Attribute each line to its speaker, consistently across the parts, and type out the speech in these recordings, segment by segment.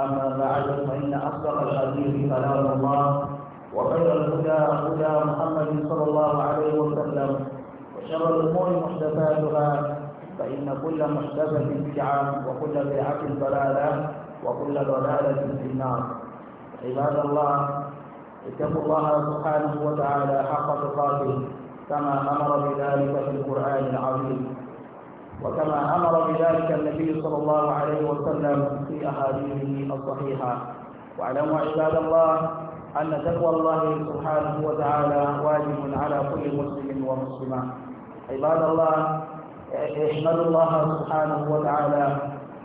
Speaker 1: أما بعد فإن أصدق الحديث كلام الله وخير الهدى هدى محمد صلى الله عليه وسلم وشر الأمور محدثاتها فإن كل محدثة بدعة وكل بدعة ضلالة وكل ضلالة في النار عباد الله اتقوا الله سبحانه وتعالى حق تقاته كما أمر بذلك في القرآن العظيم وكما أمر بذلك النبي صلى الله عليه وسلم في أحاديثه الصحيحة واعلموا عباد الله أن تقوى الله سبحانه وتعالى واجب على كل مسلم ومسلمة عباد الله احمدوا الله سبحانه وتعالى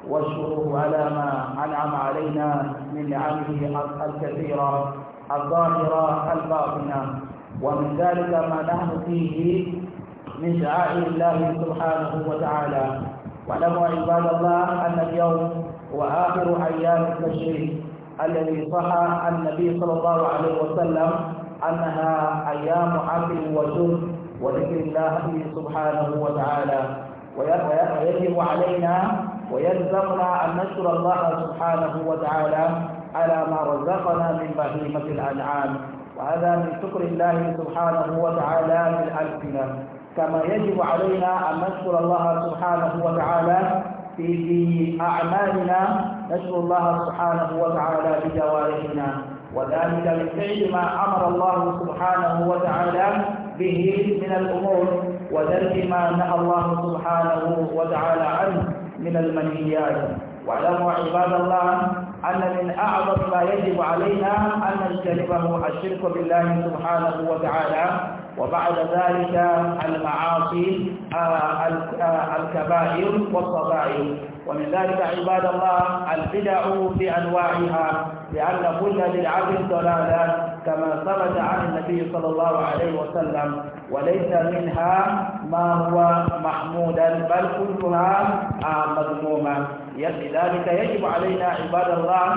Speaker 1: واشكروه على ما أنعم علينا من نعمه الكثيرة الظاهرة الباطنة ومن ذلك ما نحن فيه من شعائر الله سبحانه وتعالى واعلموا عباد الله أن اليوم وآخر أيام التشريق الذي صح عن النبي صلى الله عليه وسلم أنها أيام عقل وجود وذكر الله سبحانه وتعالى ويجب علينا ويلزمنا أن نشكر الله سبحانه وتعالى على ما رزقنا من بهيمة الأنعام وهذا من شكر الله سبحانه وتعالى بالألسنة كما يجب علينا أن نشكر الله سبحانه وتعالى في أعمالنا نشكر الله سبحانه وتعالى بجوارحنا وذلك من فعل ما أمر الله سبحانه وتعالى به من الأمور وذلك ما نهى الله سبحانه وتعالى عنه من المنهيات واعلموا عباد الله أن من أعظم ما يجب علينا أن نجتنبه الشرك بالله سبحانه وتعالى وبعد ذلك المعاصي آه، آه، الكبائر والصغائر ومن ذلك عباد الله البدع بأنواعها لأن كل بدعة ضلالة كما ثبت عن النبي صلى الله عليه وسلم وليس منها ما هو محمودا بل كلها آه، مذمومة لذلك يجب علينا عباد الله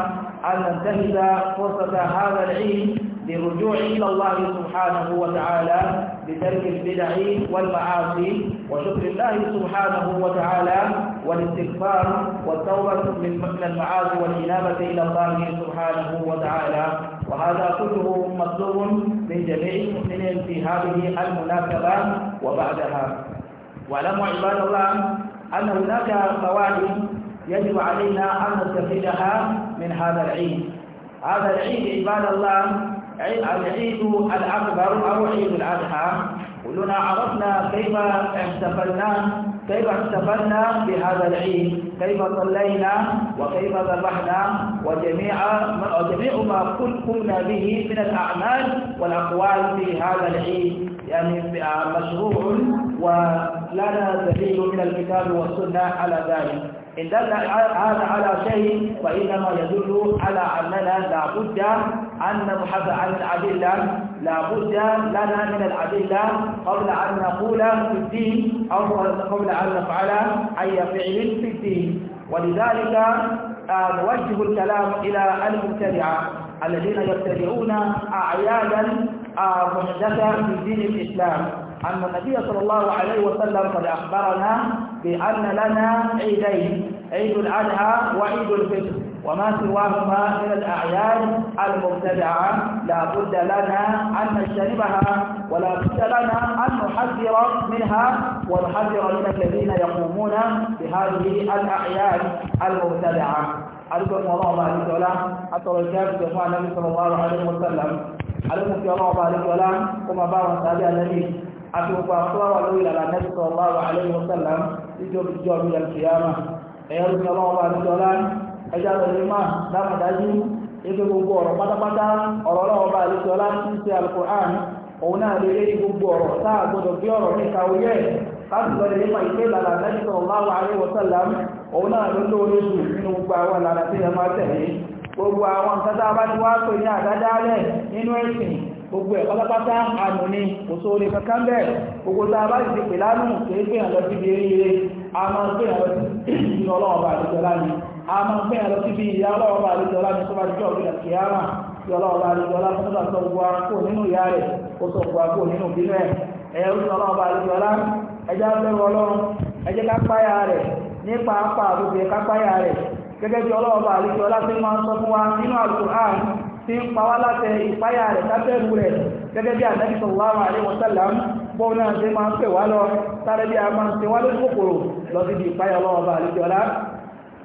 Speaker 1: أن ننتهز فرصة هذا العيد للرجوع إلى الله سبحانه وتعالى بترك البدع والمعاصي وشكر الله سبحانه وتعالى والاستغفار والتوبة من المعاصي والإنابة إلى الله سبحانه وتعالى وهذا كله مطلوب من جميع المؤمنين في هذه المناسبة وبعدها واعلموا عباد الله أن هناك قواعد يجب علينا أن نستفيدها من هذا العيد هذا العيد عباد الله العيد الأكبر أو عيد الأضحى كلنا عرفنا كيف احتفلنا كيف احتفلنا بهذا العيد كيف صلينا وكيف ذبحنا وجميع وجميع ما قمنا به من الأعمال والأقوال في هذا العيد يعني مشروع ولنا دليل من الكتاب والسنة على ذلك إن دل هذا على شيء فإنما يدل على أننا لابد أن نبحث عن لا لابد لنا من العدلة قبل أن نقول في الدين أو قبل أن نفعل أي فعل في الدين ولذلك آه، نوجه الكلام إلى المبتدعة الذين يبتدعون أعيادا آه، محدثة في دين الإسلام أن النبي صلى الله عليه وسلم قد أخبرنا بأن لنا عيدين عيد الأدهى وعيد الفطر وما سواهما من الأعياد المبتدعة لا بد لنا أن نجتنبها ولا بد لنا أن نحذر منها ونحذر من الذين يقومون بهذه الأعياد المبتدعة أذكركم الله عليه وسلم أترى الكافر جماعة النبي صلى الله عليه وسلم في الله عليه وسلم كما بارك هذا النبي أتوقف أخبار الأولى النبي صلى الله عليه وسلم يجب الجوع من القيامة أيها الله عليه وسلم ẹjọ́ àtọ̀lẹ́ máa dámọ̀dájú ẹgbẹ́ gbogbo ọ̀rọ̀ pátápátá ọ̀rọ̀ ọlọ́wọ́ bá àlejò ọlá ń ṣe alukur'an òun náà lè lé gbogbo ọ̀rọ̀ táà gbọdọ̀ bí ọ̀rọ̀ ní ìkàwé yẹ láti lọ lè nípa ìpè ìlànà àtẹ́jú sọ̀rọ̀ láwọ àárẹ̀ wọ̀sálàm òun náà ló lóore jù nínú gbogbo àwọn ìlànà bá ti wá pè ní àdádálẹ̀ nínú ẹ̀sìn gbogbo ẹ̀ pátápátá ànú ni kò sóore kankan bẹ́ẹ̀ gbogbo tá a bá ti pè lánù kì í pè hàn lọ síbi eréere a máa pè hàn lọ sí ìlú ọlọ́wọ́ bá àdìjọ láni a máa pè hàn lọ síbi ìyá ọlọ́wọ́ bá àdìjọ láni tó bá jọ òbílẹ̀ kì í hàn kí ọlọ́wọ́ bá àdìjọ láni tó bá sọ gbogbo akó nínú ìyá rẹ̀ ó sọ gbogbo akó nínú ìbí rẹ̀ ẹ̀yẹ ó sọ ọlọ́wọ́ bá àdìjọ lá ẹjẹ́ abẹ́rù ọlọ́run ẹjẹ́ kápáyà rẹ̀ nípa apá àbúgbé kápáyà rẹ̀ gẹ́gẹ́ bí ọlọ́wọ́ bá àdìjọ lá ti máa sọ fún wa tí ń pàwá láti ìpáyà rẹ̀ lábẹ́rù rẹ̀ gẹ́gẹ́ bí ànábì sallallahu alaihi wasallam bọ́ náà ṣe máa ń pè wá lọ sáré bí a máa ń ṣe wá lójú lọ sí di ìpáyà ọlọ́wọ́ bá àlejòọlá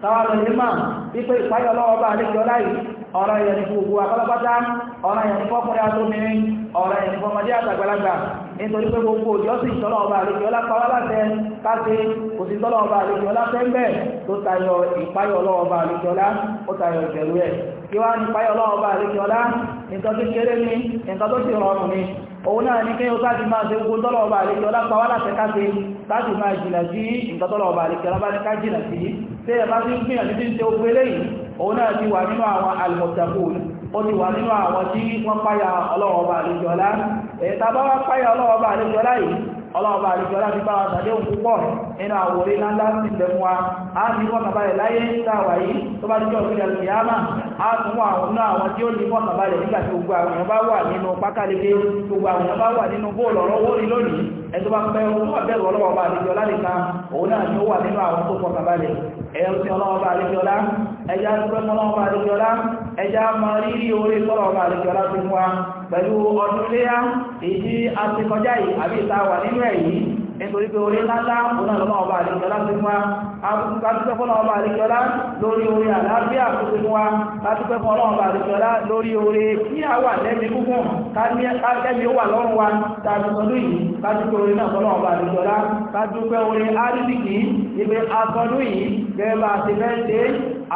Speaker 1: táwa lọ yìí máa wípé ìpáyà ọlọ́wọ́ bá àlejòọlá yìí ọ̀rọ̀ yẹn ní gbogbo apátápátá ọ̀rọ̀ yẹn ní fọ́kùnrin atómìnrin ọ̀rọ̀ yẹn ní fọmọdé àtàgbàlagbà nítorí pé gbogbo ìjọsìn tọ́lọ̀ ọba àlejòọlá pàwá láṣẹ káṣe kò sí tọ́lọ̀ ọba àlejòọlá fẹ́ ń bẹ̀ tó kí wá ní páyọ̀ ọlọ́ọ̀bá àríkẹ́ ọlá nǹkan tó kéré ní nǹkan tó sì rọrùn ní òun náà ní kí ó sáàtì máa ṣe ogun tọ́lọ̀ọ̀bá àríkẹ́ ọlá pàwọ́ láti káṣe láti máa jìnà sí nǹkan tọ́lọ̀ọ̀bá àríkẹ́ ọlá bá ní ká jìnà sí tí ẹ bá ti ń gbìyànjú tí ń ṣe ogun eléyìí òun náà ti wà nínú àwọn alìmọ̀tàkùn ó ti wà nínú àwọn tí wọ́n páyà ọlọ́ọ̀bá àríkẹ́ ọlá ẹ̀ta bá wá páyà ọlọ́ọ̀bá àríkẹ́ ọlá yìí ọlọ́ọ̀bá àríkọ́lá ti bá àtàdé òun púpọ̀ nínú àwòrí láńlá sí ìlẹ̀mú wa a ní mọ́kànbalẹ̀ láyé ìtàwà yìí tó bá jẹ́ òfin alìyàmà a tún wà àwọn náà àwọn tí ó ní mọ́kànbalẹ̀ nígbà tí gbogbo àwọn èèyàn bá wà nínú pákàlẹ́gbé gbogbo àwọn èèyàn bá wà nínú bóòlù ọ̀rọ̀ wó rí lónìí ẹ̀tọ́ bá fẹ́ ni ó wà nínú àwọn tó fọkànbalẹ̀ ẹ̀yọ́ sí ọlọ́wọ́ bá àlejò ọlá ẹ̀yà tó ẹja máa rírí orí sọ́rọ̀ ọba àlejò láti fún wa pẹ̀lú ọdún léyá èyí a ti kọjá yìí àbí ìta wà nínú ẹ̀ yìí nítorí pé orí ńláńlá òun àlọ́nà ọba àlejòlá ti mú wa kátúpẹ́ fún ọba àlejòlá lórí orí àlàáfíà tó ti mú wa kátúpẹ́ fún ọba àlejòlá lórí orí kí a wà lẹ́mí gúngùn kẹ́mí ó wà lọ́rùn wa tàbísọdún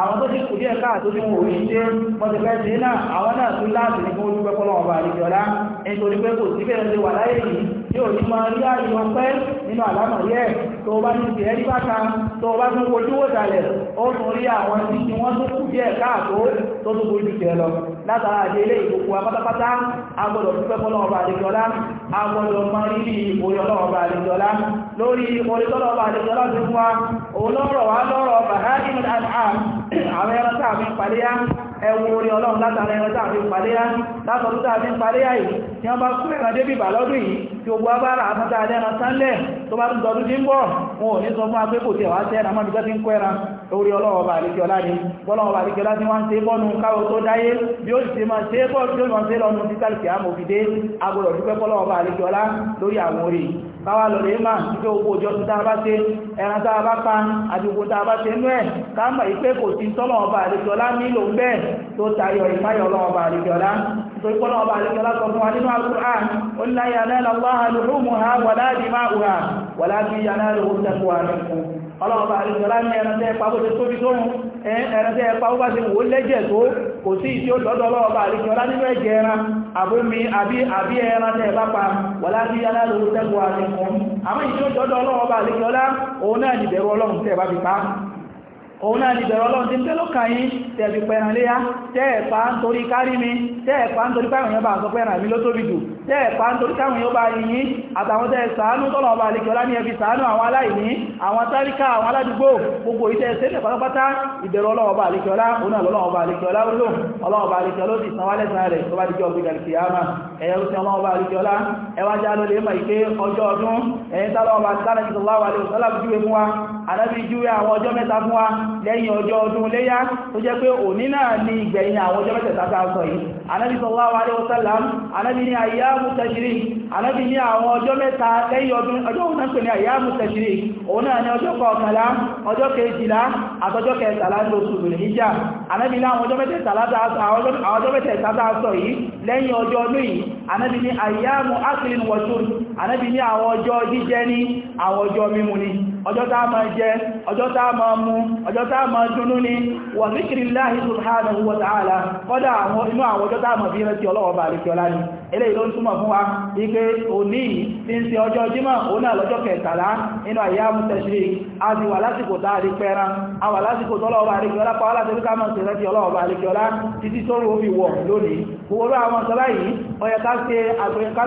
Speaker 1: àwọn tó ti kù díẹ̀ káà tó ní wò ní ṣe mọ́tẹ̀fẹ́ ṣe náà àwọn náà tún láti ní fún olúgbẹ́kọ́lọ́wọ́ bá àríjọ́lá nítorí pé kò síbẹ̀ ń lè wà láyé yìí tí ò ní máa rí ààyè ọpẹ́ nínú àlámà yẹ tó o bá ní ti ẹrí bàtà tó o bá tún wojú wò dalẹ̀ ó tún rí àwọn tí tí wọ́n tún kú díẹ̀ káàtó tó tún wojú jẹ lọ látara àdé ilé ìgbòkú apátápátá agbọ́dọ̀ dúpẹ́ fọlọ́ọ̀bà àdéjọlá agbọ́dọ̀ máa rí ní orí ọlọ́ọ̀bà àdéjọlá lórí orí tọ́lọ́ọ̀bà àdéjọlá tó fún wa òun lọ́rọ̀ wa lọ́rọ̀ bàhá ìmọ̀ àwọn ẹran tá a fi pàdé yá ẹwọ orí ọlọ́run látara ẹran tàbí paléyá látọ̀lú tàbí paléyá yìí tí wọ́n bá kú ẹ̀ràn débì bà lọ́dún yìí tí ó gbọ́ bá rà àtàtà ẹran sánlẹ̀ tó bá tún tọdún tí ń bọ̀ wọn ò ní sọ fún agbékò tí ẹ̀wà tẹ́ ẹ̀ràn mọ́bíkẹ́ tí ń kọ́ ẹran orí ọlọ́wọ́ bá àríkẹ́ ọlá ni bọ́lọ́wọ́ bá àríkẹ́ ọlá tí wọ́n ń ṣe bọ́nu káwọ tó dáyé bí ó sì máa ṣe bọ́ káwà lọ lè máa ní pé owó òjò tí tàà bá ṣe ẹran tàà bá pa àdìgbò tàà bá ṣe inú ẹ̀ káàmà ìpé kò sí tọ́lọ̀ ọba àdìgbọ́lá nílò ń bẹ́ẹ̀ tó tayọ ìpáyọ̀ ọlọ́wọ́ ọba àdìgbọ́lá nítorí pọ́lọ́ ọba àdìgbọ́lá sọ fún wa nínú al ó ní láyé anáàlá Allaha luhumuha wala dima'uha walakin yanaluhu taqwa minkum ọlọ́wọ́ ọba àdìgbọ́lá ní ẹran tẹ́ pa bó ẹran tẹ́ kò sí ìdí ó lọ́dọ̀ ọlọ́ọ̀bá àríkẹ́ ọlá nínú ẹ̀jẹ̀ ẹran àbúmi àbí àbí ẹran tẹ́ pápá wà láti aláàrùn tẹ́gbọ́ àríkùn àmọ́ ìdí ó lọ́dọ̀ ọlọ́ọ̀bá àríkẹ́ ọlá òun náà nìbẹ̀rù ni bẹ̀rọ ọlọ́run tí ń tẹ́lọ́kà yìí tẹ̀bí pẹ̀rànléyá tẹ́ẹ̀pá ń torí mi tẹ́ẹ̀pá ń torí pẹ̀rànléyá bá àsọ pẹ̀rànlé ló tóbi jù tẹ́ẹ̀pá ń torí káwọn yóò bá rí yí àtàwọn tẹ́ẹ̀ ṣàánú tọ́lọ̀ ọba àlekọ̀ọ́lá ní ẹbí ṣàánú àwọn aláìní àwọn táríkà àwọn aládùúgbò gbogbo ìtẹ́ ṣẹlẹ̀ pátápátá ìbẹ̀rù ọlọ́ọba àlekọ̀ọ́lá òun àlọ́ọba àlekọ̀ọ́lá lò ọlọ́ọba àlekọ̀ọ́lá ti sanwó lẹ́sàn rẹ̀ tó bá dijọ́ gbígbà kìyàmá ẹ̀yẹ rúṣẹ́ ọlọ́ọba àlekọ̀ọ́lá ẹwà alábi júwé àwọn ọjọ́ mẹ́ta fún wa lẹ́yìn ọjọ́ ọdún léyá tó jẹ́ pé òní náà ní ìgbẹ̀yìn àwọn ọjọ́ mẹ́tẹ̀ẹ̀ta tá a sọ yìí anábi sallallahu alaihi wasallam anábi ní ayyamu tashrik anábi ní àwọn ọjọ́ mẹ́ta lẹ́yìn ọdún ọjọ́ òun náà pè ní ayyamu tashrik òun náà ní ọjọ́ kọkànlá ọjọ́ kejìlá àtọjọ́ kẹtàlá ní oṣù Dhul-Hijjah anábi ní àwọn ọjọ́ mẹ́tẹ̀ẹ̀ta tá a sọ yìí lẹ́yìn ọjọ́ ọdún yìí anábi ní ayyamu aklin wa shurb anábi ní àwọn ọjọ́ jíjẹ ní àwọn ọjọ́ mímu ni ọjọ́ tá a máa jẹ ọjọ́ tá a máa mu ọjọ́ tá a máa dúnú ni wà níkiri láàrín subhanahu wa ta'ala kọ́dá àwọn inú àwọn ọjọ́ tá a máa bí rántí ọlọ́wọ́ bá rí kíọlá ni eléyìí ló ń túmọ̀ fún wa wípé òní tí ń ṣe ọjọ́ jímọ̀ òun náà lọ́jọ́ kẹtàlá nínú àyà mùtẹ̀sírí a ti wà lásìkò tá a rí pẹ́ran a wà lásìkò tọ́lọ́wọ́ bá rí kíọlá pa wálá tẹ́lú sí rántí ọlọ́wọ́ bá rí títí tó rú omi wọ̀ lónìí gbogbo àwọn sọlá yìí ọyẹ ká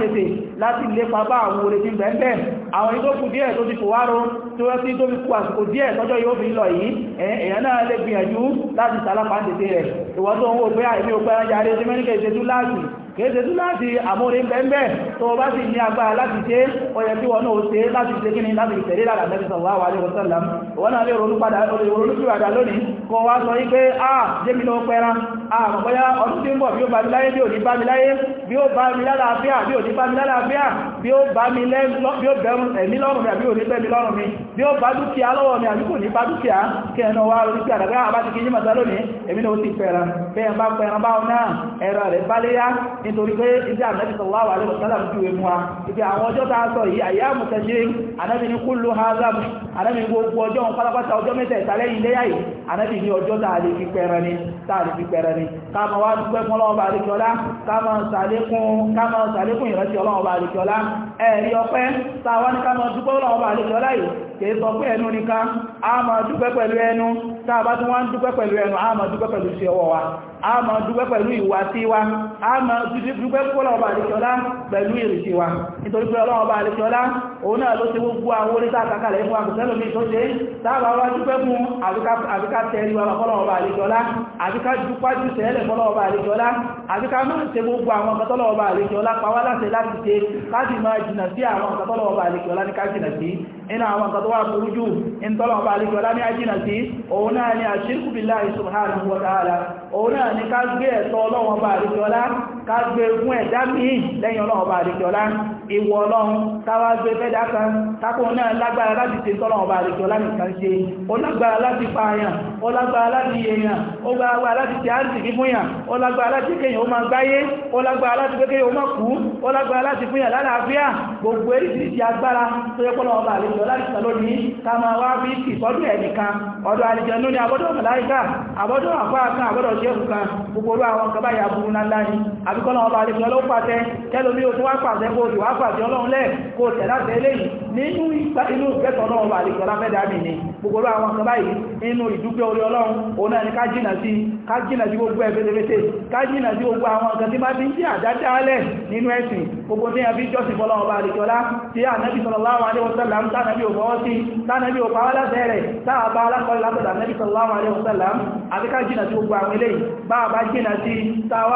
Speaker 1: ṣe láti lépa bá àwọn orin tí ń bẹ̀ẹ́ àwọn ìdókù díẹ̀ tó ti fòwárò tí wọ́n sí tó fi kú àsìkò díẹ̀ tọ́jọ́ yóò fi lọ yìí èèyàn náà lè gbìyànjú láti sàlápàá tètè rẹ̀ ìwọ́n tó ń wò pé àìní òpẹ́ ẹranjà rẹ̀ sí mẹ́ríkà ìṣẹ́jú láti kèése tún láti àmórí bẹ́ẹ̀bẹ́ tó bá sì ní agbára láti ṣe ọyẹ tí wọ́n náà ṣe láti ṣe kíni láti tẹ̀lé lára Ànábì sallallahu alaihi wasallam wọ́n náà lè ronú padà olùrúkúrádà lónìí kọ wá sọ wípé à jẹ́mi lọ pẹ́ra àmọ́bọ́yá ọdún tí ń bọ̀ bí ó bá mi láyé bí ò ní bá mi láyé bí ó bá mi lálàáfíà bí ò ní bá mi lálàáfíà bí ó bá mi lẹ́mí lọ́rùn mi àbí ò ní bẹ́mi lọ́rùn mi bí ó bá dúkìá lọ́wọ́ mi àbí kò ní bá dúkìá kí ẹnà wá orí pé àdàgbà àbá ti kí yíma sá lónìí èmi ni ó ti fẹ̀ràn pé ẹ̀mbá fẹ̀ràn bá ọ̀nà ẹ̀rọ rẹ̀ bá léyá nítorí pé ibi ànábì sallallahu alaihi wasallam júwe mú wa ibi a sọ yìí àyà mùsẹ̀ṣe ànábì ní kúlù hazam ànábì gbogbo ọjọ́ pátápátá ọjọ́ mẹ́tẹ̀ẹ̀ta lẹ́yìn léyà yìí anábì ní ọjọ́ tààlé fi pẹran ni tààlé fi pẹran ni káàmà wá dúpẹ́ fún ọlọ́ọ̀bà àríkíọlá káàmà sàlékún ìrántí ọlọ́ọ̀bà àríkíọlá ẹ̀rí ọpẹ́ tàwá ní káàmà dúpẹ́ ọlọ́ọ̀bà àríkíọlá yìí kìí sọ pé ẹnu nìkan a máa dúpẹ́ pẹ̀lú ẹnu tàbá tí wọ́n dúpẹ́ pẹ̀lú ẹnu a máa dúpẹ́ pẹ̀lú sí ọwọ́ wa a máa dúpẹ́ pẹ̀lú ìwà sí wa a máa dúpẹ́ pọ́lọ̀ọ̀bà àríkíọlá pẹ̀lú ìrìsí wa nítorí pé ọlọ́ọ̀bà àríkíọlá òun náà ló ti gbogbo àwọn orí tàkàkàlẹ̀ fún àkùsẹ́lòmí tó ṣe tàbá wá dúpẹ́ fún àríkà ká tẹ́rí wa fọ́lọ́ọ̀bà àríjọlá àti ká dúpájú tẹ́lẹ̀ fọ́lọ́ọ̀bà àríjọlá àti ká máa tẹ gbogbo àwọn ọ̀kọ̀tọ́lọ̀ọ̀bà àríjọlá pàwá láti láti tẹ láti máa jìnà sí àwọn ọ̀kọ̀tọ́lọ̀ọ̀bà àríjọlá ní ká jìnà sí iná àwọn ọ̀kọ̀tọ́ ni àṣírkù billahi subhanahu wa ta'ala òun ni ká gbé ẹ̀tọ́ ọlọ́wọ̀n bá ká gbé fún ẹ̀dá míì lẹ́yìn ọlọ́run ọba àdìjọlá ìwọ̀ ọlọ́run káwà gbé fẹ́dá kan tákùn náà lágbára láti ṣe tọ́lọ́run àdìjọlá nìkan ṣe ó láti pa àyàn ó lágbára láti yẹyàn ó lágbára láti ṣe àrìsì fífún yàn ó lágbára láti kéyàn ó máa gbáyé ó lágbára láti àbíkọ́lá ọba àdìsọ́ ló pàṣẹ tẹ́lómi o tó wá pàṣẹ kó o sì wá pàṣẹ ọlọ́run lẹ̀ kó o tẹ̀ láti eléyìí nínú inú ìgbẹ́tọ̀ náà ọba àdìsọ́ láfẹ́ dàmì ni gbogbo àwọn kan báyìí nínú ìdúpẹ́ orí ọlọ́run òun náà ni ká jìnà sí ká jìnà sí gbogbo ẹ̀fẹ́tẹ̀fẹ́tẹ̀ ká jìnà sí gbogbo àwọn nǹkan tí máa fi ń jẹ́ àdádálẹ̀ nínú ẹ̀sìn gbogbo tí a fi jọ́sìn fọ́lọ́run ọba sallallahu alaihi wasallam tánàbí ò fọwọ́ sí tánàbí ò pàwọ́ láṣẹ rẹ̀ táàbá alákọ̀ọ́lá látọ̀dà ànábì sallallahu alaihi wasallam àti ká jìnà sí gbogbo àwọn eléyìí bá a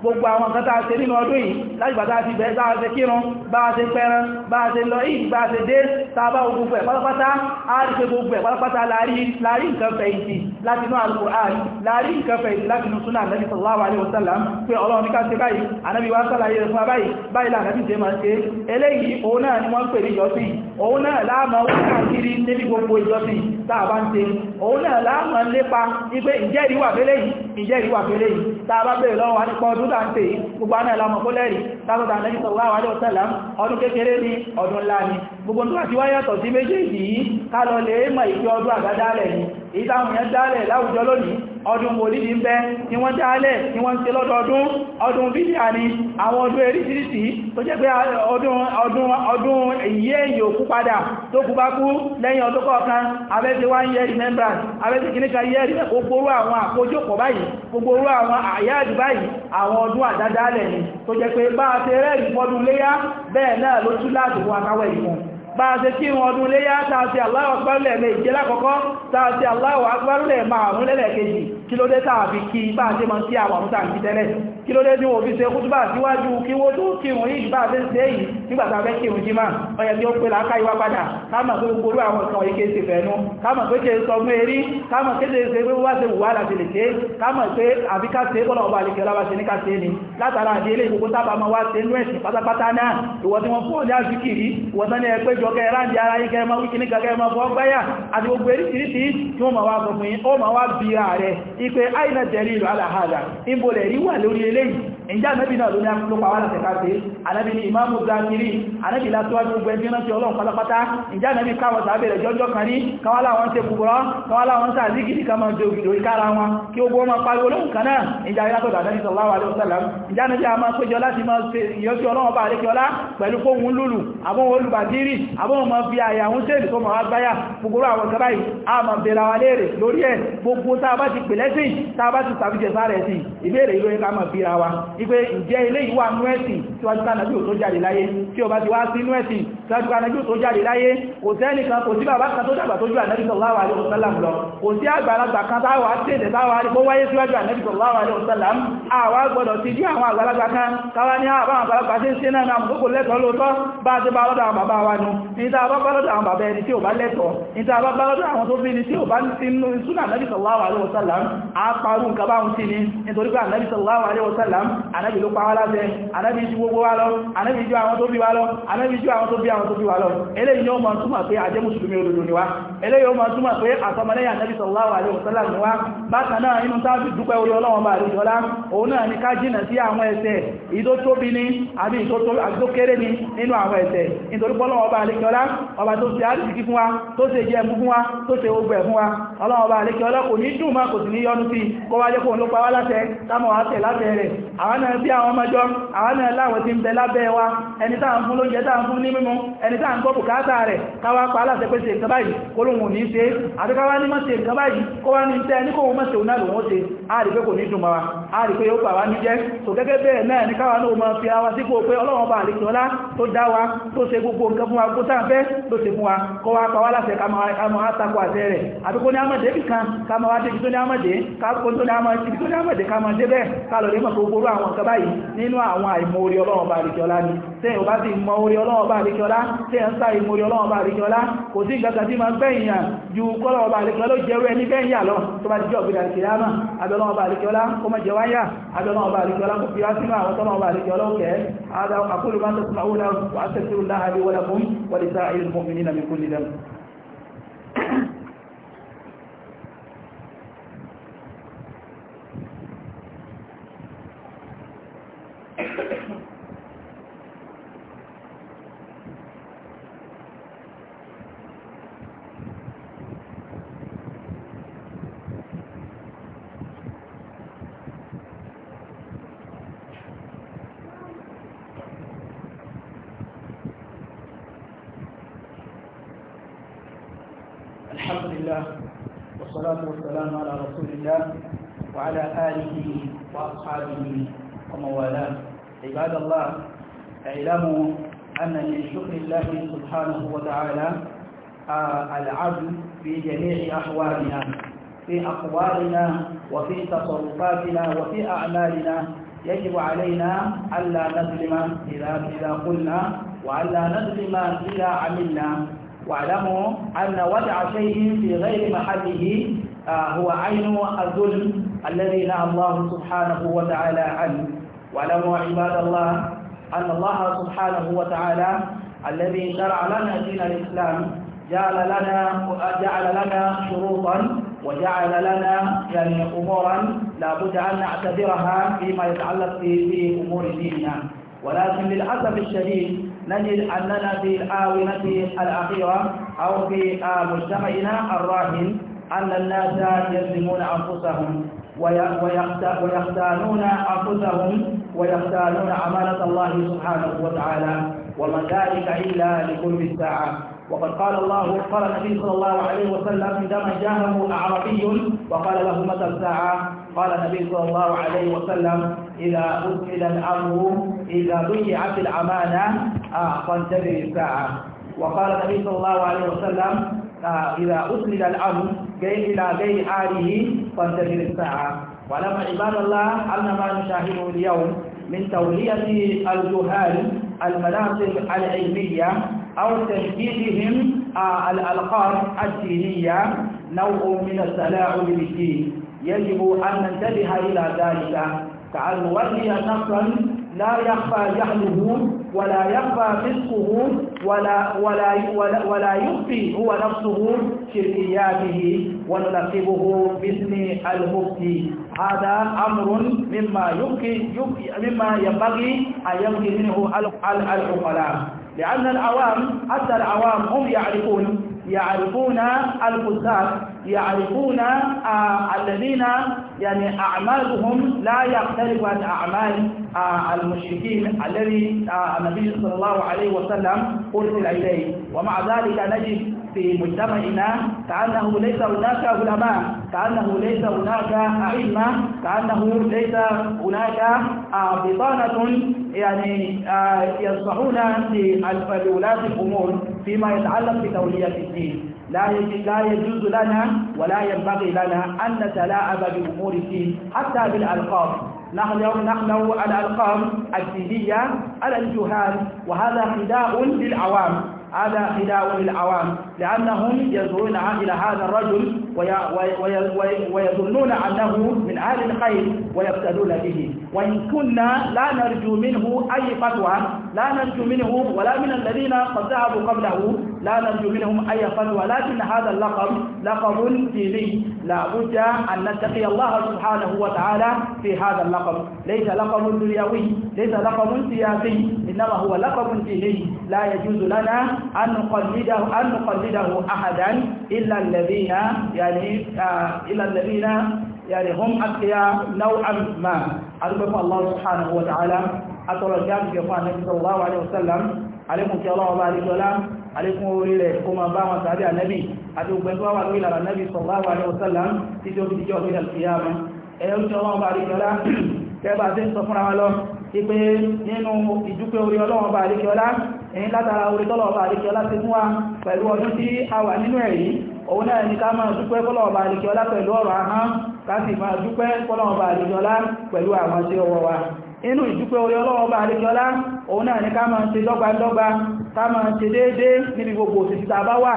Speaker 1: gbogbo àwọn nǹkan tàà ṣe nínú ọdún yìí láìgbà tàà ti bẹ̀ẹ́ tàà ṣe kírun bá ṣe pẹran bá ṣe lọ yìí bá ṣe dé tàbá gbogbo ẹ̀ pátápátá a rí pé gbogbo ẹ̀ pátápátá láàrí nǹkan fẹ̀yìntì láti inú Al-Qur'an láàrí nǹkan fẹ̀yìntì láti inú súnà Ànábì sallallahu alaihi wasallam pé Ọlọ́run ní ká ṣe báyìí Ànábì wá sálàyé rẹ̀ fún abáyìí báyìí láàrín ṣe máa ṣe eléyìí òun náà ni wọ́n pè ní ìjọsìn òun náà ọdún tàà ń pè gbogbo aná ìlàmọ̀ kó lẹ́rìí látọ̀tà lẹ́yìn sọ̀rọ̀ àwájọ́ sẹ́lá ọdún kékeré ní ọdún ńlá ni gbogbo tó àti wáyàtọ̀ sí ìtàwọn èèyàn dálẹ̀ láwùjọ lónìí ọdún mòlìdí ń bẹ tí wọ́n dálẹ̀ tí wọ́n ṣe lọ́dọọdún ọdún bídíà ni àwọn ọdún eríṣìíríṣìí tó jẹ́ pé ọdún èyí èyí òkú padà tó kú bá lẹ́yìn ọdún kọ̀ọ̀kan one year remembrance abẹ́sẹ̀ kìníkà year gbogbooru àwọn àkójọpọ̀ báyìí gbogbooru àwọn àyáàdì báyìí àwọn ọdún ni tó jẹ́ pé bá a ṣe rẹ́rìí fọdún bá a ṣe kí wọn ọdún léyá tàà sí Allahu Akbar lẹ́ẹ̀mejì lákọ̀ọ́kọ́ tàà sí Allahu Akbar lẹ́ẹ̀márùn-ún lẹ́lẹ́kejì kí ló dé tàbí kí bá ṣe mọ́ sí àwọn àmúta ní tẹ́lẹ̀ kí ló dé tí wọ́n fi ṣe kútúbà síwájú kí wó tó kírun yìí bá ṣe ṣe yìí nígbàtà fẹ́ kírun jí máa ọyẹ tí ó pè láká ìwá padà káàmà pé gbogbo àwọn ìkan yìí kéèsè fẹ̀ẹ́nu káàmà pé kéèsè sọmú erí káàmà kéèsè ṣe pé wá ṣe wùwá láti lè ṣe káàmà pé àbí ká ṣe bọ́lọ̀ ọba àlekẹ́ lábá ṣe ní ká ṣe ni ipe aina dẹ̀lì ìlú aláhàdà ìbò lẹ̀rí wà lórí eléyìí ìjá ànábì náà ló ní àkùnlọ́pọ̀ àwọn àtẹ̀ká sí ànábì ní ìmáàmù zakiri ànábì látọ́wájú gbogbo ẹgbẹ́ náà tí ọlọ́run pátápátá ìjá ànábì káwọ̀ sàábẹ̀rẹ̀ jọjọ́ kan ní káwàlá wọn tẹ kúkúrọ́ káwàlá wọn sáà zíkìdì ká máa jẹ ògìdò ìkára wọn kí ó gbọ́ máa parí olóhùn kan náà ìjá ìlátọ̀dọ̀ ànábì sallallahu alaihi wasallam ìjá ànábì a máa péjọ láti máa ṣe ìyọ́sí ọlọ́run bá àríkẹ́ ọlá pẹ̀lú kóhun lùlù àbọn olùbàdírì àbọn máa fi àyà àwọn sẹ́ẹ̀lì tó máa ìbéèrè ìlú ẹ̀ká máa bíra wa wípé ǹjẹ́ ilé ìwà nú ẹ̀sìn síwájú ká nàbí ò tó jáde láyé tí ó bá ti wá sí inú ẹ̀sìn síwájú ká nàbí ò tó jáde láyé kò sẹ́ni kan kò sí bàbá kan tó dàgbà tó ju ànábì sallallahu alaihi wasallam lọ kò sí àgbàlagbà kan táwà tètè táwà kó wáyé síwájú ànábì sallallahu alaihi wasallam àwa gbọdọ̀ ti dí àwọn àgbàlagbà kan káwá ní àwọn ah, àgbàlagbà tí ń ṣe náà náà kókò lẹ́tọ̀ọ́ lóòótọ́ bá ti bá lọ́dọ̀ àwọn bàbá wa nu níta bá bá lọ́dọ̀ àwọn bàbá ẹni tí ò bá lẹ́tọ̀ọ́ níta bá bá lọ́dọ̀ àwọn tó bí ni tí ò bá ń sinú ìsúnà ànábì sallallahu alaihi wasallam á parú nǹkan báhùn sí ni nítorí pé ànábì sallallahu alaihi wasallam ànábì ló pàwọ́ láṣẹ ànábì ju gbogbo wa lọ ànábì ju àwọn tó bí wa lọ ànábì ju àwọn tó bí àwọn tó bí wa lọ eléyìí ni ó máa túmọ̀ pé àjẹ́ mùsùlùmí olódò ni wa eléyìí ó máa túmọ̀ pé àtọmọlẹ́yìn ànábì sallallahu alaihi wasallam ni wa bákan náà ni ká jìnà sí àwọn ni àbí ìdó kéré ni nínú àwọn ẹ̀ṣẹ̀ nítorí pọ́lọ́wọ́n bá rí jọlá ọba tó ṣe àrísìkí fún wa tó ṣe jẹ́ mú fún wa tó ṣe ogbò ẹ̀ wa ọlọ́wọ́n bá rí àwọn náà bí àwọn ọmọjọ́ àwọn náà láwọn tí ń bẹ lábẹ́ wa ẹni táà ń fún lóúnjẹ táà ń fún ní mímú ẹni táà ń gbọ́ bùkátà rẹ̀ káwá pa aláṣẹ pé ṣe nǹkan báyìí kó lóun ò ní ṣe àti káwá ní mọ́ ṣe nǹkan báyìí kó wá ní tẹ́ ní kóhun mọ́ṣe náà lòun ó ṣe á rí pé kò ní dùn wa á rí pé ó bà wá ní jẹ́ tó gẹ́gẹ́ bẹ́ẹ̀ náà àwọn ǹkan báyìí nínú àwọn àìmọ̀ orí ọlọ́run bá àríkíọlá ni tẹ́yìn bá ti mọ orí ọlọ́run bá àríkíọlá tẹ́yìn sáà ìmọ̀ orí ọlọ́run bá àríkíọlá kò sí nǹkan tí ma ń gbẹ̀yìn ju kọ́lọ̀wọ̀ bá àríkíọlá ló jẹ́rú ẹni bẹ́yìn àlọ́ tó bá ti jọ ògbìdà ìkìyàmà abẹ́lọ́wọ́ bá àríkíọlá kó mọ́ jẹwáyà abẹ́lọ́wọ́ bá àríkíọlá kó fi wá sínú والصلاة والسلام على رسول الله وعلى آله وأصحابه وموالاه عباد الله اعلموا أن من شكر الله سبحانه وتعالى آه، العدل في جميع أحوالنا في أقوالنا وفي تصرفاتنا وفي أعمالنا يجب علينا ألا نظلم إذا إذا قلنا وألا نظلم إذا عملنا واعلموا أن وضع شيء في غير محله آه، هو عين الظلم الذي نهى الله سبحانه وتعالى عنه واعلموا عباد الله أن الله سبحانه وتعالى الذي شرع لنا دين الإسلام جعل لنا جعل لنا شروطا وجعل لنا يعني امورا لابد ان نعتبرها فيما يتعلق في امور ديننا ولكن للاسف الشديد نجد أننا في الآونة الأخيرة أو في آه، مجتمعنا الراهن أن الناس يلزمون أنفسهم ويختانون أنفسهم ويختانون أمانة الله سبحانه وتعالى وما ذلك إلا لقرب الساعة وقد قال الله قال النبي صلى الله عليه وسلم عندما جاءه أعرابي وقال له متى الساعة قال النبي صلى الله عليه وسلم إذا أسئل الأمر إذا ضيعت الأمانة فانتبه الساعة وقال النبي صلى الله عليه وسلم آه، إذا أسلل الأمر جاي إلى جاي آله فانتبه الساعة ولما عباد الله أن ما نشاهده اليوم من تولية الجهال المناصب العلمية أو تشكيلهم آه، الألقاب الدينية نوع من التلاعب بالدين يجب أن ننتبه إلى ذلك فعلى نولي نفسا لا يخفى جهله ولا يخفى فسقه ولا ولا ولا, ولا يخفي هو نفسه شركياته ونلقبه باسم المفتي هذا امر مما يبقي مما ينبغي ان يبقي منه العقلاء لان العوام حتى العوام هم يعرفون يعرفون الفساد يعرفون آه، الذين يعني أعمالهم لا يختلف عن أعمال آه، المشركين الذي آه، النبي صلى الله عليه وسلم أرسل إليه ومع ذلك نجد في مجتمعنا كأنه ليس هناك علماء كأنه ليس هناك أئمة كأنه ليس هناك بطانة يعني يصبحون في الولاة الأمور فيما يتعلق بتولية الدين لا يجوز لنا ولا ينبغي لنا أن نتلاعب بأمور الدين حتى بالألقاب نحن نحن الألقاب الدينية على الجهال وهذا خداع للعوام هذا خداع للعوام لأنهم يزورون إلى هذا الرجل ويظنون أنه من أهل الخير ويقتدون به وإن كنا لا نرجو منه أي فتوى لا نرجو منه ولا من الذين قد ذهبوا قبله لا نرجو منهم أي فتوى لكن هذا اللقب لقب ديني لا بد أن نتقي الله سبحانه وتعالى في هذا اللقب ليس لقب دنيوي ليس لقب سياسي إنما هو لقب ديني لا يجوز لنا أن نقلده أن نقلده وجده أحدا إلا الذين يعني إلا الذين يعني هم أتقياء نوعا ما أدبه الله سبحانه وتعالى أترى الجامع في أخوان النبي صلى الله عليه وسلم عليكم كي الله وبارك وسلم عليكم وريله كما بام صحابي النبي أدبه الله إلى النبي صلى الله عليه وسلم تجوب تجوب إلى القيامة أيها الله وبارك وسلم كيف أزين صفنا ولو ipe nínú ìdúpẹ́ orí ọlọ́run bá àríkẹ́ ọlá ẹ̀yìn látara orí tọ́lọ̀ọ̀bá àríkíọlá ti fún wa pẹ̀lú ọdún tí a wà nínú ẹ̀rí òun náà ni ká máa dúpẹ́ fọ́lọ̀ọ̀bá àríkíọlá pẹ̀lú ọ̀rọ̀ ahán láti máa dúpẹ́ àríkíọlá pẹ̀lú àwọn tí ọwọ́ wa inú ìdúpẹ́ orí ọlọ́ọ̀bá àríkíọlá òun náà ká máa ṣe dọ́gbandọ́gba ká máa ṣe níbi gbogbo òsìsì bá wà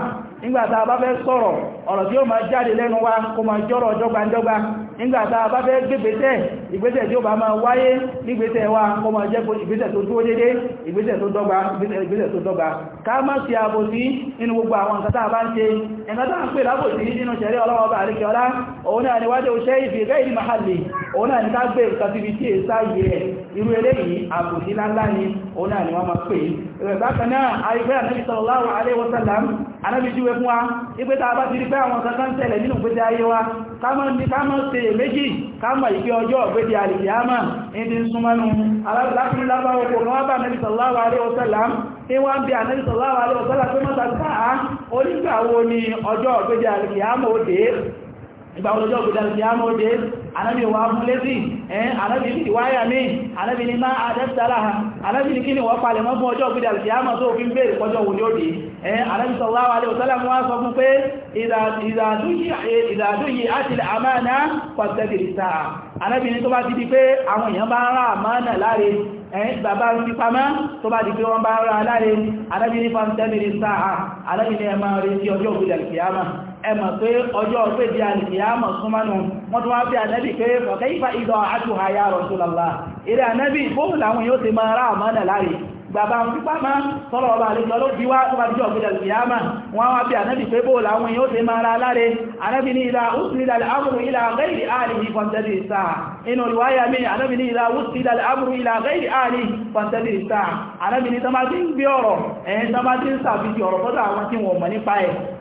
Speaker 1: nígbàtà bá fẹ́ gbégbésẹ̀ ìgbésẹ̀ tí ó bá máa wáyé nígbésẹ̀ wa kó máa jẹ́ ìgbésẹ̀ tó dúró dédé ìgbésẹ̀ tó dọ́gba ìgbésẹ̀ tó dọ́gba ká má ṣe àbòsí nínú gbogbo àwọn nǹkan tá a bá ń ṣe nǹkan tá a ń pè lábòsí nínú ṣẹ̀rẹ́ ọlọ́wọ́ bá àríkẹ́ ọlá òun náà ni wájú iṣẹ́ ìfì rẹ́ ìdí mahali òun náà ni ká gbé nǹkan ti fi tí è sáyé rẹ̀ irú eléyìí àbòsí láńlá ni òun náà ni wọ́n máa pè rẹ̀ bákan náà àríkẹ́ ànábì sallallahu alaihi wasallam ànábì júwe fún wa ipé tá a bá ti rí pé àwọn kankan tẹ̀lẹ̀ nínú ìgbésẹ̀ ayé wa ká má ṣe méjì káàmà ìpé ọjọ́ ọ̀gbẹ́dì alìyàmà ní súnmọ́nù alábìlábà ọkọ̀ kan wá bá nẹ́bí sallallahu alaihi wasallam ní wá ń bí ànẹ́bí sallallahu alaihi wasallam pé mọ́ta sáà onígbàwó ni ọjọ́ ọ̀gbẹ́dì alìyàmà ó dé ìgbà olójọ́ ògbèdà ti á mọ́ dé anábì wà mú lésì ẹn anábì ní ìwáyà ní anábì ní máa àdẹ́sìtàlá ní kí ni wọ́n palẹ̀ mọ́ fún ọjọ́ ògbèdà ti á mọ́ tó fi ń bèèrè pọ́jọ́ òun ní òdí ẹn anábì sallallahu alaihi wasallam wá sọ fún pé ìdàdúyì àti àmánà pàtẹ́kìrì sáà anábì ní tó bá ti di pé àwọn èèyàn bá ń rá àmánà láre ẹ̀yìn bàbá ń fi pamá tó bá di pé wọ́n bá rá láre anábì ní pàtẹ́kìrì sáà anábì ní ẹ̀mà rẹ̀ sí ọjọ́ ògbèdà kìyàmá ẹmọ̀ pé ọjọ́ pé di alìkìyàmọ̀ súnmọ́nù wọ́n tó wá bí ànẹ́bì pé fọ̀kẹ́ ìfà ìdọ̀ àtúhà ya Rasulullah eré ànẹ́bì fóòmù láwọn yóò ti máa rá àmọ́nà láàrin gbàbá pípá máa sọ́rọ̀ ọba àlejò ló bí wá tó bá jíjọ ìgbìyànjú ìyáàmà wọn wá bí ànẹ́bì pé bóò láwọn èèyàn ó ti máa ra láre ànẹ́bì ní ìlà òsìlẹ̀ àmúrù ìlà gẹ́ìlì ààrì fọ́ntẹ́lì ìsáà inú ìwáyà mi ànẹ́bì ní ìlà òsìlẹ̀ àmúrù ìlà gẹ́ìlì ààrì fọ́ntẹ́lì ìsáà ànẹ́bì ní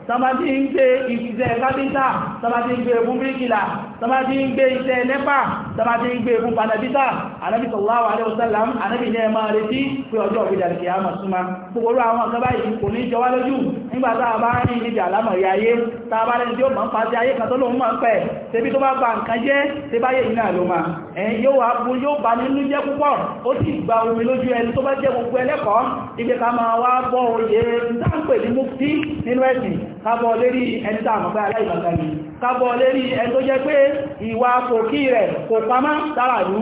Speaker 1: tàbátí ń gbé ìṣẹ́ kápítà tàbátí ń gbé fún bíríkìlà tàbátí ń gbé iṣẹ́ nẹ́pà tàbátí ń gbé fún panabítà anábìsọ̀láwà alẹ́ gbogbo àwọn ọ̀gá báyìí kò ní jọwá lójú nígbà tá a bá rìn níbi àlámọ̀rí ayé tá a bá rẹni tí ó mọ̀ ń pàṣẹ ayé kan tó lóun mọ̀ ń pẹ̀ tẹbí tó bá ba nǹkan jẹ́ tẹ báyé iná ló ma ẹ̀yìn yóò wá bú yóò bá nínú jẹ́ púpọ̀ ó sì gba omi lójú ẹni tó bá jẹ́ gbogbo ẹlẹ́kọ̀ọ́ ibi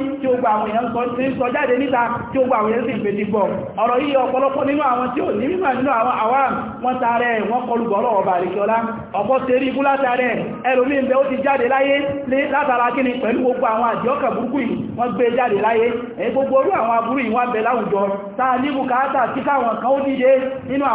Speaker 1: tí ó gba àwọn èèyàn ti ń sọ jáde níta tí ó gba àwọn èèyàn sì ń fètí gbọ́ ọ̀rọ̀ yìí ọ̀pọ̀lọpọ̀ nínú àwọn tí ó ní mímọ̀ nínú àwọn àwọn wọn tààrẹ wọn kọlùgbọ́ ọlọ́wọ̀ bà àríkíọlá ọ̀pọ̀ sí rí ibú látàrẹ ẹlòmí ń bẹ ó ti jáde láyé látara kí ni pẹ̀lú gbogbo àwọn àjọ́kà burúkú yìí wọ́n gbé e jáde láyé gbogbo orú àwọn aburú yìí wọ́n bẹ láwùjọ táa ní bùkátà sí káwọn kan ó dìde nínú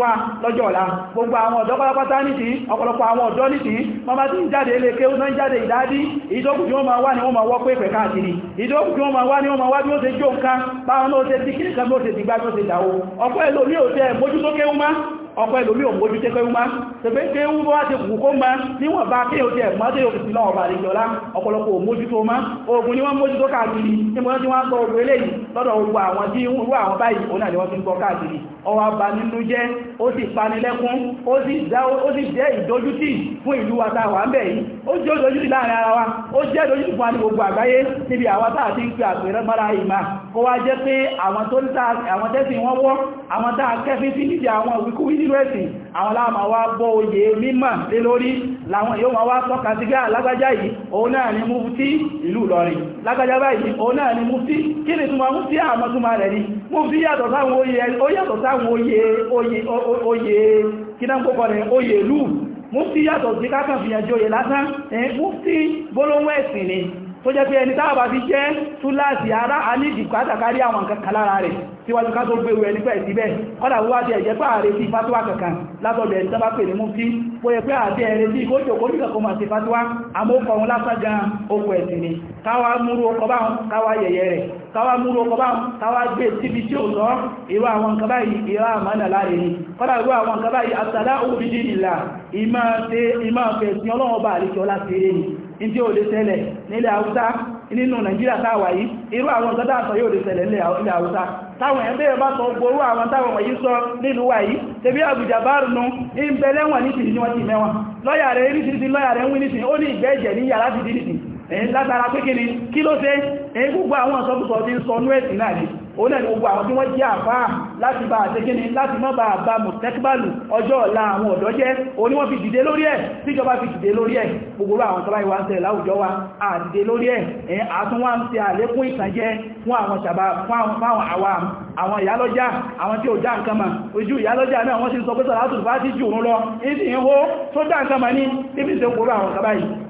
Speaker 1: fún lọ́jọ́ ọ̀la gbogbo àwọn ọ̀dọ́ pátápátá nìtì ọ̀pọ̀lọpọ̀ àwọn ọ̀dọ́ nìtì wọ́n bá ti ń jáde ilé kéwú náà ń jáde ìdádí ìdókù tí wọ́n máa wá ní wọ́n ọ wọ́n tẹ̀gbẹ́gbẹ́ ń bọ́ ti kù ma níwọ̀n bá kí o jẹ mọ́tí yóò fi náà ọba àríjọlá ọ̀pọ̀lọpọ̀ mójútó ma ogun ni wọ́n mójútó káàkiri ní mọ́ wọ́n gbọ́ ogun eléyìí lọ́dọ̀ ogun àwọn tí ń rú báyìí òun náà ni wọ́n fi ń gbọ́ káàkiri ọwọ́ bá nínú jẹ́ ó sì panilẹ́kún ó sì jẹ́ ìdójútì fún ìlú wa tá wà ń bẹ̀ yìí ó jẹ́ ìdójútì láàrin ara wa ó jẹ́ ìdójútì fún gbogbo àgbáyé níbi àwọn tá àti ń pe àpẹẹrẹ mọ́ra ìmá kó wá jẹ́ pé àwọn tẹ́sìn wọ́n wọ́ àwọn tá a kẹfí sí níbi àwọn ìwíkúwí nínú ẹ̀sìn àwọn láàmà wá bọ́ oyè mímọ̀ lé lórí láwọn yóò ma wá tọ́ka sí gáà ah, lágbàjá yìí òun náà ni mufti ìlú Ìlọrin lágbàjá báyìí òun náà ni mufti kí ni túnmà mufti ah, àmọ́túnmà rẹ̀ ni mufti yàtọ̀ sáwọn oyè kínákókọ̀ rẹ̀ oyè ìlú mufti yàtọ̀ sí kákànfìyànjọ́ tó jẹ́ pé ẹni táàbà fi jẹ́ túláàsì ara a ní ìdìkátàkárí àwọn kankan lára rẹ̀ síwájú ká tó gbéwẹ̀ nípa ìsíbẹ̀ kọ́dà wíwá ti ẹ̀jẹ́ pé ààrẹ sí fatuwa kankan látọ̀dọ̀ ẹ̀ni tọ́bá pè ní mú sí bóyẹ pé àti ẹ̀rẹ́ sí ìkójò kó nígbà kó máa ti fatuwa àmókọ̀ wọn lásán gan okò ẹ̀sìn ni káwà múrú ọkọ̀ bá káwà yẹ̀yẹ̀ rẹ̀ káwà múrú ọkọ̀ bá káwà gbé síbi tí ó sọ irú àwọn nǹkan báyìí irú àmọ́nà láre ni kọ́dà irú àwọn nǹkan báyìí àtàlá òbí dì ìlà ìmọ̀ ṣe ìmọ̀ fẹ̀sìn ọlọ́run bá àríkẹ́ ọlá ṣeré ni in tí ó lè ṣẹlẹ̀ nílẹ̀ Haúsá nínú Nàìjíríà táwà yìí irú àwọn tọ́ta àtọ̀ yóò lè ṣẹlẹ̀ nílẹ̀ Haúsá táwọn ẹ̀ bẹ́ẹ̀ bá sọ gbòrú àwọn táwọn wọ̀nyí sọ nílùú wa yìí tẹbí àbújá bárùnú ń bẹ lẹ́wọ̀n ní tìrì ní wọ́n ti mẹ́wọ̀n lọ́yà ni kí ló ṣe èyí gbogbo àwọn ọ̀sọ́kùsọ̀ ti ó náà gbogbo àwọn tí wọ́n jẹ́ àfáà láti bá àtẹ́kíní láti má bá àbá mọ̀tẹ́kíbàlù ọjọ́ ọ̀la àwọn ọ̀dọ́ jẹ́ oní wọ́n fi dìde lórí ẹ̀ tíjọba fi dìde lórí ẹ̀ gbogbo àwọn tọ́lá ìwà ń tẹ̀lẹ̀ láwùjọ wa àdìde lórí ẹ̀ ẹ̀ àtúnwà ń tẹ àlékún ìtànjẹ fún àwọn ṣàbà fún àwọn ìyálọ́jà àwọn tí ó já nǹkan mà ojú ìyálọ́jà náà wọ́n sì sọ pé sọ̀rọ̀ àtùfà òun lọ ní sì ń tó já nǹkan mà ní tí fi ṣe kòrò àwọn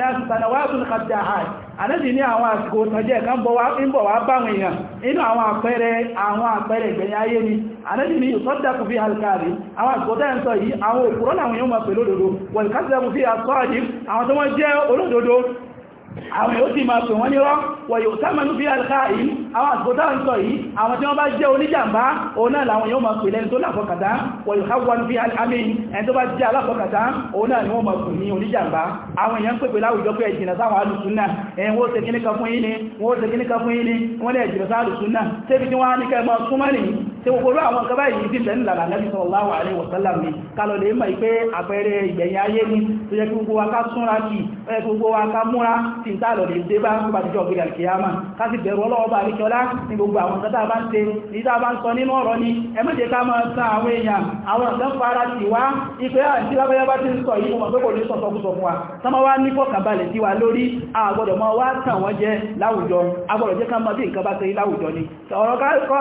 Speaker 1: náà sanawatun khadda'at àdẹ́sì ní àwọn àsìkò tàjẹ́ kan bọ̀ wá báwọn èèyàn inú àwọn àpẹẹrẹ àwọn àpẹẹrẹ ìgbẹ̀yìn ayé ni àdẹ́sì ní ìsọ́dàkù fi alkari àwọn àsìkò tẹ́ ń sọ yìí àwọn òkúrọ́ làwọn èèyàn mọ̀ pẹ̀lú òdodo wọ̀lùkásílẹ̀mù àwọn yóò ti máa pè wọ́n nírọ́ wọ̀yọ̀ sáàmàlú bí alkáàí àwọn àsìkòtà ń sọ yìí àwọn tí wọ́n bá jẹ́ oníjàmbá òun náà làwọn yóò máa pè lẹ́ni tó láfọkàtà wọ̀yọ̀ hawan bí alamín ẹni tó bá jẹ́ aláfọkàtà òun náà ni wọ́n máa pè ní oníjàmbá àwọn èèyàn pèpè láwùjọ pé ẹ̀jìnà sáwọn alùsùnà ẹ̀yìn wọ́n ṣe tí gbogbo àwọn nǹkan báyìí ti tẹ̀ nílànà Ànábì sallallahu alaihi wasallam ni kálọ̀ lè mọ̀ pé àpẹẹrẹ ìgbẹ̀yìn ayé ni tó jẹ́ kí gbogbo wa ká súnra kì ó yẹ kí gbogbo wa ká múra tí ń tà lọ lè dé bá ń bá jíjọ gbìyànjú kìyàmà ká sì bẹ̀rù ọlọ́wọ́ bá àríkọlá ní gbogbo àwọn nǹkan a bá ń ṣe ní tá a bá ń sọ nínú ọ̀rọ̀ ni ẹ má jẹ́ ká máa san àwọn èèyàn àwọn nǹkan fara sí wa ìpè àti lábẹ́yà bá ti ń a gbọ́dọ̀ a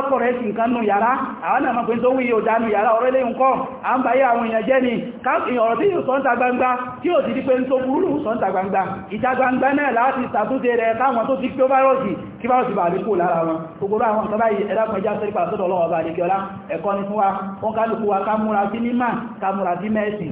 Speaker 1: gbọ́dọ̀ àwọn náà mọ̀ pé tó wúyẹ òdánù yàrá ọ̀rẹ́lẹ́ nǹkan à ń báyé àwọn èèyàn jẹ́ ni káàkiri ọ̀rọ̀ tí yóò sọ́ntà gbangba tí ó ti di pé tó burú sọ́ntà gbangba ìta gbangba náà láti ṣàtúnṣe rẹ̀ káwọn tó ti pé fáírọ̀sì kí bá sì bà lè kó lára wọn gbogbo àwọn nǹkan báyìí ẹ̀dàpẹjá sẹ́rípà sọ́dọ̀ ọlọ́wọ́ bá lè kí ọlá ẹ̀kọ́ ni fún wa wọn kálukú wa ká múra sí mímà ká múra sí mẹ́ẹ̀sìn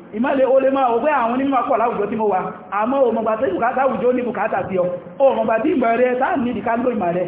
Speaker 1: ìmọ́lẹ̀ o lè máa ọgbẹ́ àwọn onímọ̀ pọ̀ láwùjọ tí mo wà àmọ́ òmọ̀gbà tí bùkátà àwùjọ ní bùkátà bí ọ òmọ̀gbà tí ìmọ̀ rẹ̀ táà ní ìdíkà ló rẹ̀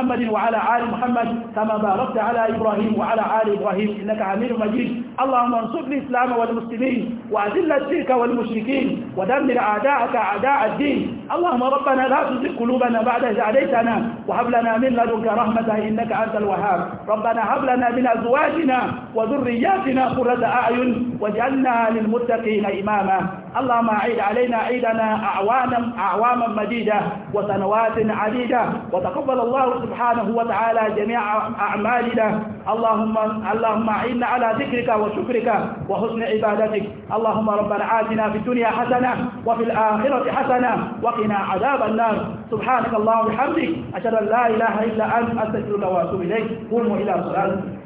Speaker 1: محمد وعلى آل محمد كما باركت على إبراهيم وعلى آل إبراهيم إنك حميد مجيد اللهم انصر الإسلام والمسلمين وأذل الشرك والمشركين ودمر أعداءك أعداء الدين اللهم ربنا لا تزغ قلوبنا بعد إذ هديتنا وهب لنا من لدنك رحمة إنك أنت الوهاب ربنا هب لنا من أزواجنا وذرياتنا قرة أعين واجعلنا للمتقين إماما اللهم أعيد علينا عيدنا أعواما أعواما مديدة وسنوات عديدة وتقبل الله سبحانه وتعالى جميع أعمالنا اللهم اللهم أعنا على ذكرك وشكرك وحسن عبادتك اللهم ربنا آتنا في الدنيا حسنة وفي الآخرة حسنة وفي وقنا عذاب النار سبحانك اللهم وبحمدك أشهد أن لا إله إلا أنت أستغفرك وأتوب إليك قوموا إلى صلاتكم